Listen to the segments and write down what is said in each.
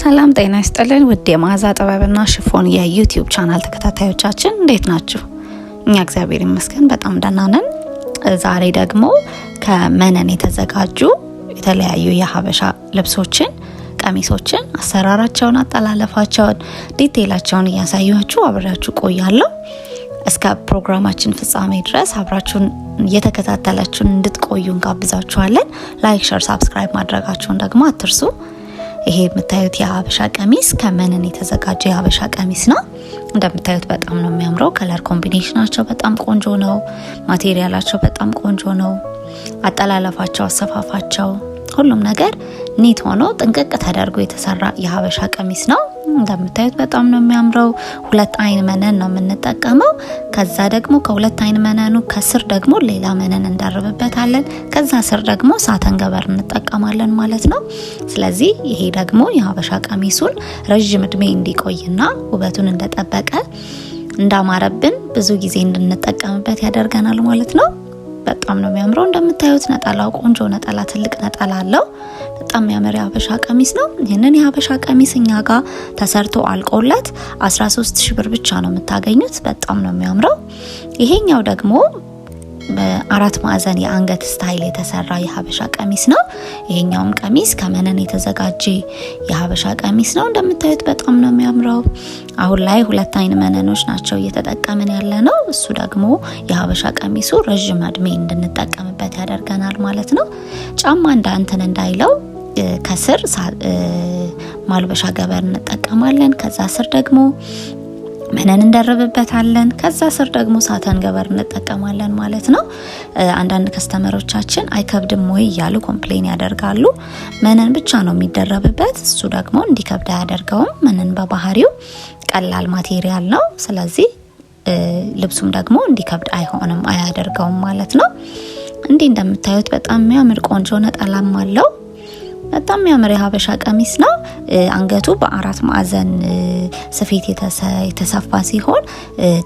ሰላም ጤና ይስጥልን ውድ የመዓዛ ጥበብና ሽፎን የዩቲዩብ ቻናል ተከታታዮቻችን እንዴት ናችሁ? እኛ እግዚአብሔር ይመስገን በጣም ደህና ነን። ዛሬ ደግሞ ከመነን የተዘጋጁ የተለያዩ የሀበሻ ልብሶችን፣ ቀሚሶችን፣ አሰራራቸውን፣ አጠላለፋቸውን፣ ዲቴይላቸውን እያሳያችሁ አብሬያችሁ ቆያለሁ። እስከ ፕሮግራማችን ፍጻሜ ድረስ አብራችሁን እየተከታተላችሁን እንድትቆዩ እንጋብዛችኋለን። ላይክ፣ ሸር፣ ሳብስክራይብ ማድረጋችሁን ደግሞ አትርሱ። ይሄ የምታዩት የሀበሻ ቀሚስ ከመንን የተዘጋጀ የሀበሻ ቀሚስ ነው። እንደምታዩት በጣም ነው የሚያምረው። ከለር ኮምቢኔሽናቸው በጣም ቆንጆ ነው። ማቴሪያላቸው በጣም ቆንጆ ነው። አጠላለፋቸው፣ አሰፋፋቸው ሁሉም ነገር ኒት ሆኖ ጥንቅቅ ተደርጎ የተሰራ የሀበሻ ቀሚስ ነው። እንደምታዩት በጣም ነው የሚያምረው። ሁለት አይን መነን ነው የምንጠቀመው። ከዛ ደግሞ ከሁለት አይን መነኑ ከስር ደግሞ ሌላ መነን እንዳርብበታለን። ከዛ ስር ደግሞ ሳተን ገበር እንጠቀማለን ማለት ነው። ስለዚህ ይሄ ደግሞ የሀበሻ ቀሚሱን ረዥም እድሜ እንዲቆይና ውበቱን እንደጠበቀ እንዳማረብን ብዙ ጊዜ እንድንጠቀምበት ያደርገናል ማለት ነው። በጣም ነው የሚያምረው። እንደምታዩት ነጠላው ቆንጆ ነጠላ፣ ትልቅ ነጠላ አለው። በጣም የሚያምር የሀበሻ ቀሚስ ነው። ይህንን የሀበሻ ቀሚስ እኛ ጋር ተሰርቶ አልቆለት 13 ሺ ብር ብቻ ነው የምታገኙት። በጣም ነው የሚያምረው። ይሄኛው ደግሞ አራት ማዕዘን የአንገት ስታይል የተሰራ የሀበሻ ቀሚስ ነው። ይሄኛውም ቀሚስ ከመነን የተዘጋጀ የሀበሻ ቀሚስ ነው። እንደምታዩት በጣም ነው የሚያምረው። አሁን ላይ ሁለት አይን መነኖች ናቸው እየተጠቀምን ያለ ነው። እሱ ደግሞ የሀበሻ ቀሚሱ ረዥም እድሜ እንድንጠቀምበት ያደርገናል ማለት ነው። ጫማ እንደ እንዳይለው ከስር ማልበሻ ገበር እንጠቀማለን። ከዛ ስር ደግሞ መነን እንደርብበታለን። ከዛ ስር ደግሞ ሳተን ገበር እንጠቀማለን ማለት ነው። አንዳንድ ከስተመሮቻችን አይከብድም ወይ እያሉ ኮምፕሌን ያደርጋሉ። መነን ብቻ ነው የሚደረብበት። እሱ ደግሞ እንዲከብድ አያደርገውም። ምንን በባህሪው ቀላል ማቴሪያል ነው። ስለዚህ ልብሱም ደግሞ እንዲከብድ አይሆንም፣ አያደርገውም ማለት ነው። እንዲህ እንደምታዩት በጣም የሚያምር ቆንጆ ነጠላም አለው። በጣም የሚያምር የሀበሻ ቀሚስ ነው። አንገቱ በአራት ማዕዘን ስፌት የተሰፋ ሲሆን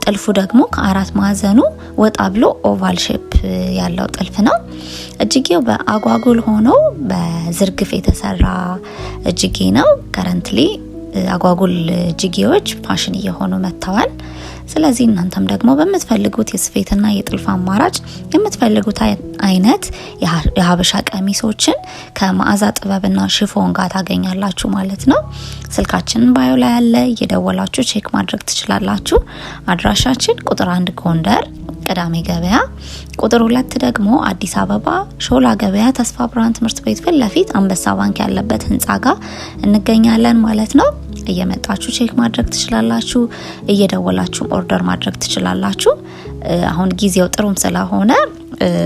ጥልፉ ደግሞ ከአራት ማዕዘኑ ወጣ ብሎ ኦቫል ሼፕ ያለው ጥልፍ ነው። እጅጌው በአጓጉል ሆኖ በዝርግፍ የተሰራ እጅጌ ነው። ከረንትሊ አጓጉል እጅጌዎች ፋሽን እየሆኑ መጥተዋል። ስለዚህ እናንተም ደግሞ በምትፈልጉት የስፌትና የጥልፍ አማራጭ የምትፈልጉት አይነት የሀበሻ ቀሚሶችን ከማዕዛ ጥበብና ሽፎን ጋር ታገኛላችሁ ማለት ነው። ስልካችን ባዮ ላይ ያለ እየደወላችሁ ቼክ ማድረግ ትችላላችሁ። አድራሻችን ቁጥር አንድ ጎንደር ቅዳሜ ገበያ፣ ቁጥር ሁለት ደግሞ አዲስ አበባ ሾላ ገበያ ተስፋ ብርሃን ትምህርት ቤት ፊት ለፊት አንበሳ ባንክ ያለበት ህንፃ ጋር እንገኛለን ማለት ነው። እየመጣችሁ ቼክ ማድረግ ትችላላችሁ። እየደወላችሁ ኦርደር ማድረግ ትችላላችሁ። አሁን ጊዜው ጥሩም ስለሆነ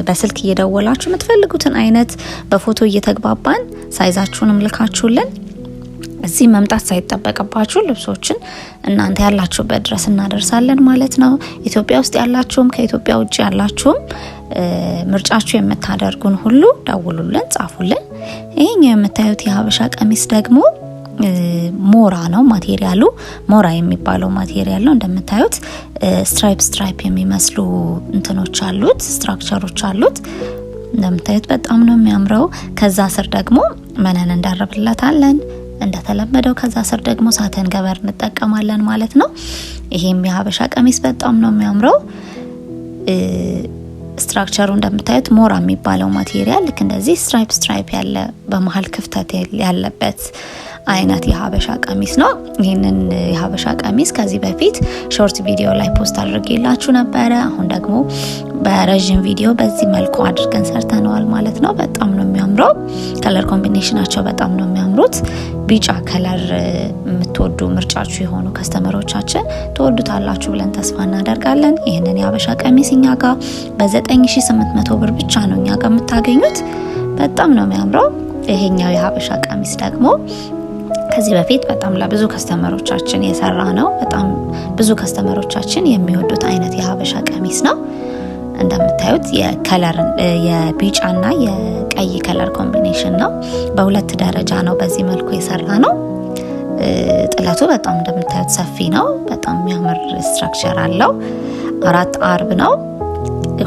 በስልክ እየደወላችሁ የምትፈልጉትን አይነት በፎቶ እየተግባባን ሳይዛችሁንም ልካችሁልን እዚህ መምጣት ሳይጠበቅባችሁ ልብሶችን እናንተ ያላችሁበት ድረስ እናደርሳለን ማለት ነው። ኢትዮጵያ ውስጥ ያላችሁም ከኢትዮጵያ ውጭ ያላችሁም ምርጫችሁ የምታደርጉን ሁሉ ደውሉልን፣ ጻፉልን። ይሄኛው የምታዩት የሀበሻ ቀሚስ ደግሞ ሞራ ነው ማቴሪያሉ። ሞራ የሚባለው ማቴሪያል ነው። እንደምታዩት ስትራይፕ ስትራይፕ የሚመስሉ እንትኖች አሉት፣ ስትራክቸሮች አሉት። እንደምታዩት በጣም ነው የሚያምረው። ከዛ ስር ደግሞ መነን እንዳረብላታለን። እንደተለመደው ከዛ ስር ደግሞ ሳተን ገበር እንጠቀማለን ማለት ነው። ይሄም የሀበሻ ቀሚስ በጣም ነው የሚያምረው። ስትራክቸሩ እንደምታዩት ሞራ የሚባለው ማቴሪያል ልክ እንደዚህ ስትራይፕ ስትራይፕ ያለ በመሀል ክፍተት ያለበት አይነት የሀበሻ ቀሚስ ነው። ይህንን የሀበሻ ቀሚስ ከዚህ በፊት ሾርት ቪዲዮ ላይ ፖስት አድርጌላችሁ ነበረ። አሁን ደግሞ በረዥም ቪዲዮ በዚህ መልኩ አድርገን ሰርተነዋል ማለት ነው። በጣም ነው የሚያምረው። ከለር ኮምቢኔሽናቸው በጣም ነው የሚያምሩት። ቢጫ ከለር የምትወዱ ምርጫችሁ የሆኑ ከስተመሮቻችን ትወዱታላችሁ ብለን ተስፋ እናደርጋለን። ይህንን የአበሻ ቀሚስ እኛ ጋር በ9800 ብር ብቻ ነው እኛ ጋር የምታገኙት። በጣም ነው የሚያምረው። ይሄኛው የሀበሻ ቀሚስ ደግሞ ከዚህ በፊት በጣም ለብዙ ከስተመሮቻችን የሰራ ነው። በጣም ብዙ ከስተመሮቻችን የሚወዱት አይነት የሀበሻ ቀሚስ ነው። እንደምታዩት የከለር የቢጫና የቀይ ከለር ኮምቢኔሽን ነው። በሁለት ደረጃ ነው በዚህ መልኩ የሰራ ነው። ጥለቱ በጣም እንደምታዩት ሰፊ ነው። በጣም የሚያምር ስትራክቸር አለው። አራት አርብ ነው።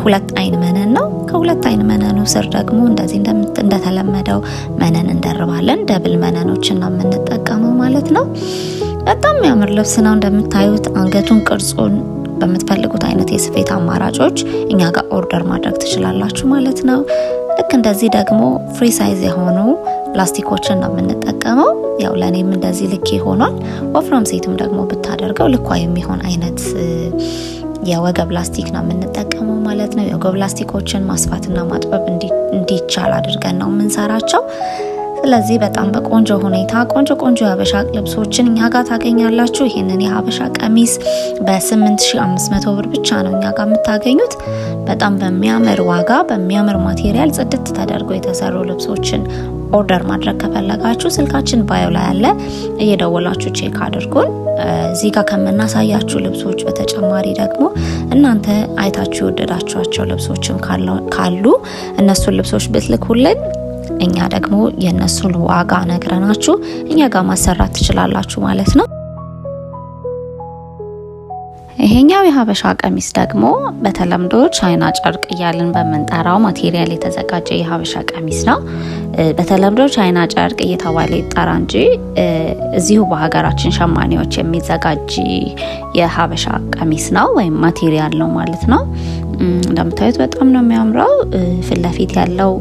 ሁለት አይን መነን ነው። ከሁለት አይን መነኑ ስር ደግሞ እንደዚህ እንደተለመደው መነን እንደርባለን። ደብል መነኖችን ነው የምንጠቀመው ማለት ነው። በጣም የሚያምር ልብስ ነው እንደምታዩት አንገቱን ቅርጹን በምትፈልጉት አይነት የስፌት አማራጮች እኛ ጋር ኦርደር ማድረግ ትችላላችሁ ማለት ነው። ልክ እንደዚህ ደግሞ ፍሪ ሳይዝ የሆኑ ላስቲኮችን ነው የምንጠቀመው። ያው ለእኔም እንደዚህ ልክ ይሆኗል ወፍራም ሴትም ደግሞ ብታደርገው ልኳ የሚሆን አይነት የወገብ ላስቲክ ነው የምንጠቀመው ማለት ነው። የወገብ ላስቲኮችን ማስፋትና ማጥበብ እንዲቻል አድርገን ነው የምንሰራቸው። ስለዚህ በጣም በቆንጆ ሁኔታ ቆንጆ ቆንጆ የሀበሻ ልብሶችን እኛ ጋር ታገኛላችሁ። ይህንን የሀበሻ ቀሚስ በ8500 ብር ብቻ ነው እኛ ጋር የምታገኙት። በጣም በሚያምር ዋጋ በሚያምር ማቴሪያል ጽድት ተደርጎ የተሰሩ ልብሶችን ኦርደር ማድረግ ከፈለጋችሁ ስልካችን ባዮ ላይ ያለ እየደወላችሁ ቼክ አድርጉን። እዚህ ጋር ከምናሳያችሁ ልብሶች በተጨማሪ ደግሞ እናንተ አይታችሁ የወደዳችኋቸው ልብሶችም ካሉ እነሱን ልብሶች ብትልኩልን እኛ ደግሞ የእነሱን ዋጋ ነግረናችሁ እኛ ጋር ማሰራት ትችላላችሁ ማለት ነው። ይሄኛው የሀበሻ ቀሚስ ደግሞ በተለምዶ ቻይና ጨርቅ እያልን በምንጠራው ማቴሪያል የተዘጋጀ የሀበሻ ቀሚስ ነው። በተለምዶ ቻይና ጨርቅ እየተባለ ይጠራ እንጂ እዚሁ በሀገራችን ሸማኔዎች የሚዘጋጅ የሀበሻ ቀሚስ ነው ወይም ማቴሪያል ነው ማለት ነው። እንደምታዩት በጣም ነው የሚያምረው። ፊት ለፊት ያለው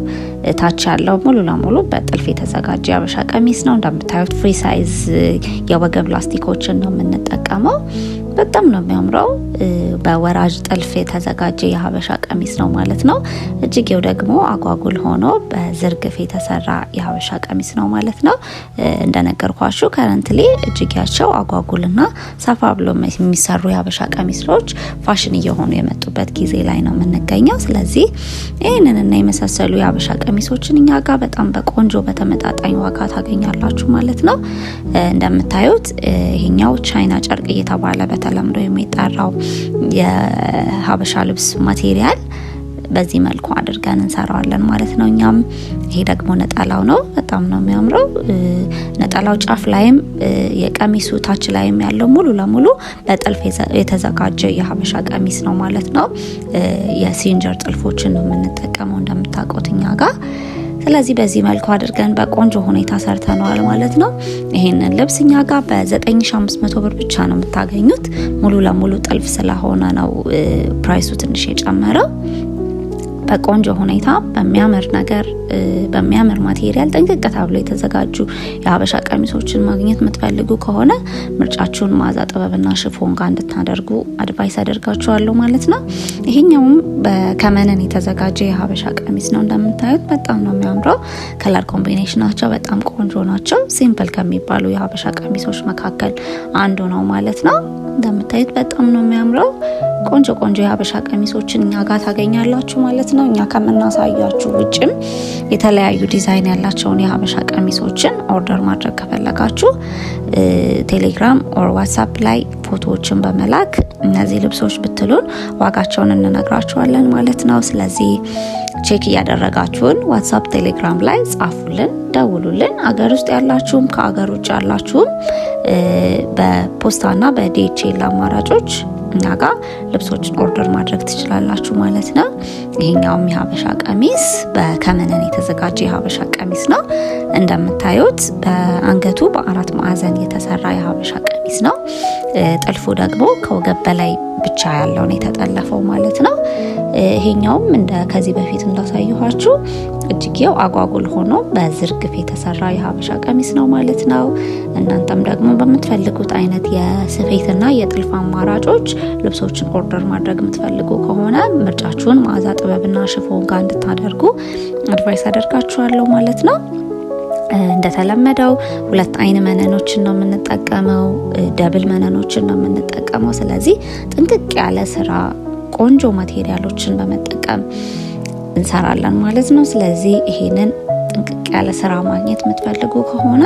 ታች ያለው ሙሉ ለሙሉ በጥልፍ የተዘጋጀ የአበሻ ቀሚስ ነው። እንደምታዩት ፍሪ ሳይዝ የወገብ ላስቲኮችን ነው የምንጠቀመው። በጣም ነው የሚያምረው። በወራጅ ጥልፍ የተዘጋጀ የሀበሻ ቀሚስ ነው ማለት ነው። እጅጌው ደግሞ አጓጉል ሆኖ በዝርግፍ የተሰራ የሀበሻ ቀሚስ ነው ማለት ነው። እንደነገርኳችሁ ከረንትሊ እጅጌያቸው አጓጉልና ሰፋ ብሎ የሚሰሩ የሀበሻ ቀሚሶች ፋሽን እየሆኑ የመጡበት ጊዜ ላይ ነው የምንገኘው። ስለዚህ እና የመሳሰሉ የሀበሻ ቀሚስ ቀሚሶችን እኛ ጋር በጣም በቆንጆ በተመጣጣኝ ዋጋ ታገኛላችሁ ማለት ነው። እንደምታዩት ይሄኛው ቻይና ጨርቅ እየተባለ በተለምዶ የሚጠራው የሀበሻ ልብስ ማቴሪያል በዚህ መልኩ አድርገን እንሰራዋለን ማለት ነው። እኛም ይሄ ደግሞ ነጠላው ነው። በጣም ነው የሚያምረው። ነጠላው ጫፍ ላይም የቀሚሱ ታች ላይም ያለው ሙሉ ለሙሉ በጥልፍ የተዘጋጀ የሀበሻ ቀሚስ ነው ማለት ነው። የሲንጀር ጥልፎችን ነው የምንጠቀመው እንደምታውቁት እኛ ጋር ስለዚህ በዚህ መልኩ አድርገን በቆንጆ ሁኔታ ሰርተነዋል ማለት ነው። ይሄንን ልብስ እኛ ጋር በ9500 ብር ብቻ ነው የምታገኙት። ሙሉ ለሙሉ ጥልፍ ስለሆነ ነው ፕራይሱ ትንሽ የጨመረው። በቆንጆ ሁኔታ በሚያምር ነገር በሚያምር ማቴሪያል ጠንቅቅ ተብሎ የተዘጋጁ የሀበሻ ቀሚሶችን ማግኘት የምትፈልጉ ከሆነ ምርጫችሁን ማዛ ጥበብና ሽፎን ጋር እንድታደርጉ አድቫይስ አደርጋችኋለሁ ማለት ነው። ይሄኛውም ከመነን የተዘጋጀ የሀበሻ ቀሚስ ነው። እንደምታዩት በጣም ነው የሚያምረው። ከለር ናቸው በጣም ቆንጆ ናቸው። ሲምፕል ከሚባሉ የሀበሻ ቀሚሶች መካከል አንዱ ነው ማለት ነው። እንደምታዩት በጣም ነው የሚያምረው። ቆንጆ ቆንጆ የሀበሻ ቀሚሶችን እኛ ጋር ታገኛላችሁ ማለት ነው። እኛ ከምናሳያችሁ ውጭም የተለያዩ ዲዛይን ያላቸውን የሀበሻ ቀሚሶችን ኦርደር ማድረግ ከፈለጋችሁ ቴሌግራም ኦር ዋትሳፕ ላይ ፎቶዎችን በመላክ እነዚህ ልብሶች ብትሉን ዋጋቸውን እንነግራችኋለን ማለት ነው። ስለዚህ ቼክ እያደረጋችሁን ዋትሳፕ፣ ቴሌግራም ላይ ጻፉልን፣ ደውሉልን። አገር ውስጥ ያላችሁም ከአገር ውጭ ያላችሁም በፖስታና በዲኤችኤል አማራጮች እኛ ጋር ልብሶችን ኦርደር ማድረግ ትችላላችሁ ማለት ነው። ይሄኛውም የሀበሻ ቀሚስ በከመነን የተዘጋጀ የሀበሻ ቀሚስ ነው። እንደምታዩት በአንገቱ በአራት ማዕዘን የተሰራ የሀበሻ ቀሚስ ነው። ጥልፉ ደግሞ ከወገብ በላይ ብቻ ያለውን የተጠለፈው ማለት ነው። ይሄኛውም እንደ ከዚህ በፊት እንዳሳየኋችሁ እጅጌው አጓጉል ሆኖ በዝርግፍ የተሰራ የሀበሻ ቀሚስ ነው ማለት ነው። እናንተም ደግሞ በምትፈልጉት አይነት የስፌትና የጥልፍ አማራጮች ልብሶችን ኦርደር ማድረግ የምትፈልጉ ከሆነ ምርጫችሁን መዓዛ ጥበብና ሽፎን ጋር እንድታደርጉ አድቫይስ አደርጋችኋለሁ ማለት ነው። እንደተለመደው ሁለት አይን መነኖችን ነው የምንጠቀመው፣ ደብል መነኖችን ነው የምንጠቀመው። ስለዚህ ጥንቅቅ ያለ ስራ ቆንጆ ማቴሪያሎችን በመጠቀም እንሰራለን ማለት ነው። ስለዚህ ይሄንን ጥንቅቅ ያለ ስራ ማግኘት የምትፈልጉ ከሆነ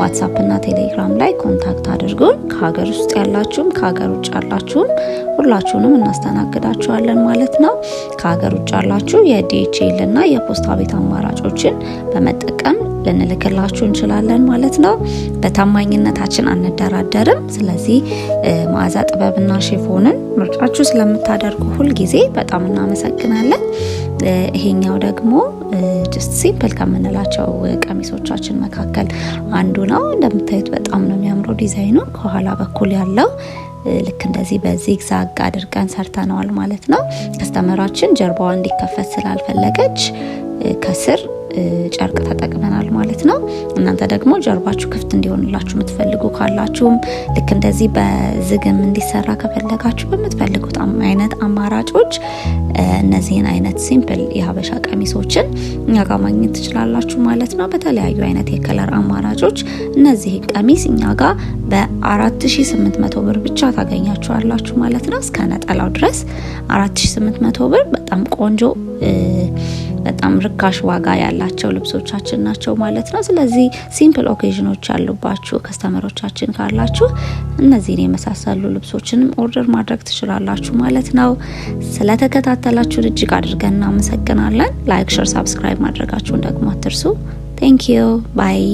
ዋትሳፕ እና ቴሌግራም ላይ ኮንታክት አድርጉን። ከሀገር ውስጥ ያላችሁም ከሀገር ውጭ ያላችሁም ሁላችሁንም እናስተናግዳችኋለን ማለት ነው። ከሀገር ውጭ ያላችሁ የዲኤችኤል እና የፖስታ ቤት አማራጮችን በመጠቀም ልንልክላችሁ እንችላለን ማለት ነው። በታማኝነታችን አንደራደርም። ስለዚህ መዓዛ ጥበብና ሽፎንን ምርጫችሁ ስለምታደርጉ ሁልጊዜ በጣም እናመሰግናለን። ይሄኛው ደግሞ ጅስት ሲምፕል ከምንላቸው ቀሚሶቻችን መካከል አንዱ ነው። እንደምታዩት በጣም ነው የሚያምረው ዲዛይኑ ከኋላ በኩል ያለው ልክ እንደዚህ በዚግዛግ አድርገን ሰርተነዋል ማለት ነው። ከስተመራችን ጀርባዋ እንዲከፈት ስላልፈለገች ከስር ጨርቅ ተጠቅመናል ማለት ነው። እናንተ ደግሞ ጀርባችሁ ክፍት እንዲሆንላችሁ የምትፈልጉ ካላችሁም ልክ እንደዚህ በዝግም እንዲሰራ ከፈለጋችሁ በምትፈልጉት አይነት አማራጮች እነዚህን አይነት ሲምፕል የሀበሻ ቀሚሶችን እኛ ጋር ማግኘት ትችላላችሁ ማለት ነው። በተለያዩ አይነት የከለር አማራጮች እነዚህ ቀሚስ እኛ ጋር በ4800 ብር ብቻ ታገኛችኋላችሁ ማለት ነው። እስከ ነጠላው ድረስ 4800 ብር በጣም ቆንጆ በጣም ርካሽ ዋጋ ያላቸው ልብሶቻችን ናቸው ማለት ነው። ስለዚህ ሲምፕል ኦኬዥኖች ያሉባችሁ ከስተመሮቻችን ካላችሁ እነዚህን የመሳሰሉ ልብሶችንም ኦርደር ማድረግ ትችላላችሁ ማለት ነው። ስለተከታተላችሁን እጅግ አድርገን እናመሰግናለን። ላይክ፣ ሸር፣ ሳብስክራይብ ማድረጋችሁን ደግሞ አትርሱ። ቴንኪዩ ባይ